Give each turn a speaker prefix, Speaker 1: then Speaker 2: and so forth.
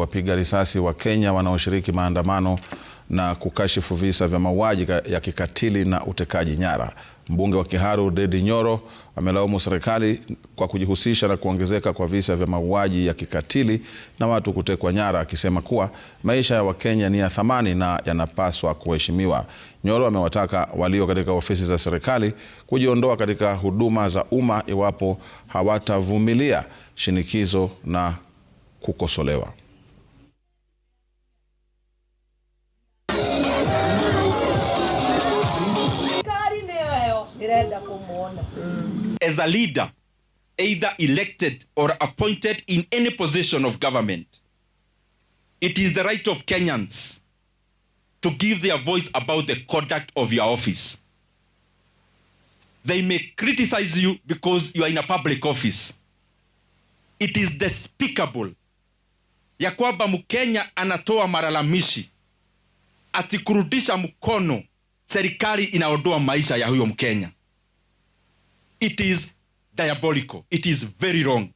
Speaker 1: wapiga risasi wa Kenya wanaoshiriki maandamano na kukashifu visa vya mauaji ya kikatili na utekaji nyara. Mbunge wa Kiharu dedi Nyoro amelaumu serikali kwa kujihusisha na kuongezeka kwa visa vya mauaji ya kikatili na watu kutekwa nyara, akisema kuwa maisha ya Wakenya ni ya thamani na yanapaswa kuheshimiwa. Nyoro amewataka walio katika ofisi za serikali kujiondoa katika huduma za umma iwapo hawatavumilia shinikizo na kukosolewa.
Speaker 2: kumuona as a leader either elected or appointed in any position of government it is the right of Kenyans to give their voice about the conduct of your office they may criticize you because you are in a public office it is despicable ya kwamba Mkenya anatoa malalamishi atikurudisha mkono serikali inaondoa maisha ya huyo Mkenya. It is diabolical. It is very wrong.